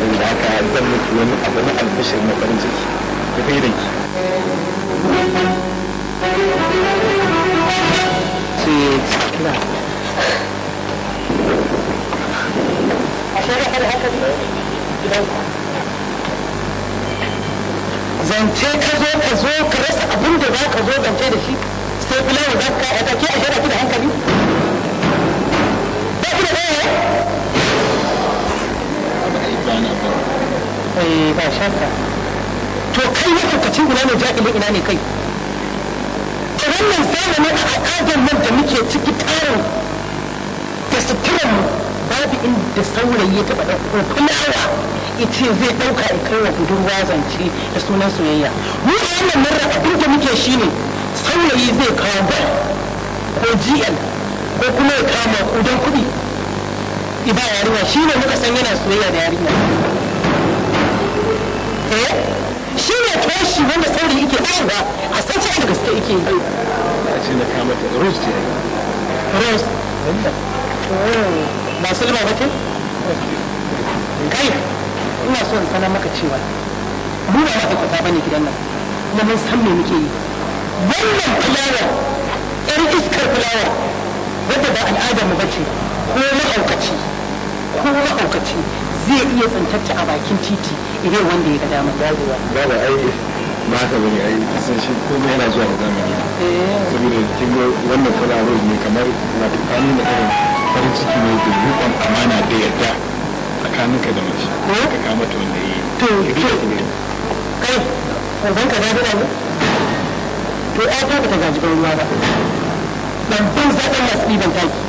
saboda haka zan muku wani abu na albishir na farin ciki ku kai ranki zance ka zo ka zo ka rasa abin da za ka zo zance da shi sai kula da ka a take a shara da hankali ne kai eh, ba shakka to kai lokacin ina ne jahilin ina ne kai ta wannan zamanin a al'adar nan da muke ciki tarin da suturan babu inda saurayi ya taɓa ɗauko awa ice zai ɗauka a kai wa budurwa zance da sunan soyayya mu a wannan marar abin da muke shine saurayi zai kawo gwal ko gl ko kuma ya kama don kuɗi ki ba yarinya shi ne muka san yana soyayya da yarinya eh shi ne toshi wanda sauri yake bayarwa a san cewa da gaske yake yi a ce na kama ta rose ce rose ba sulma ba ce kai ina so in sanar maka cewa mu ba ma'aikata ba ne gidan nan kuma mun san me muke yi wannan fulawar 'yar iskar fulawar wadda ba al'adar mu ba ce. ko ma'aukaci ko ma'aukaci zai iya tsantarci a bakin titi idan wanda ya ga dama ba da aiki ba ka bane ai kusan shi komai yana zuwa da zamani saboda kin ga wannan fara ne kamar na an da irin farin ciki ne da rubon amana da yadda ka da mace ko ka kama ta wanda yi to kai ban ka dadi da to ai ta ta gaji ban ruwa ba ban ban zaɓen masu ɗiban taki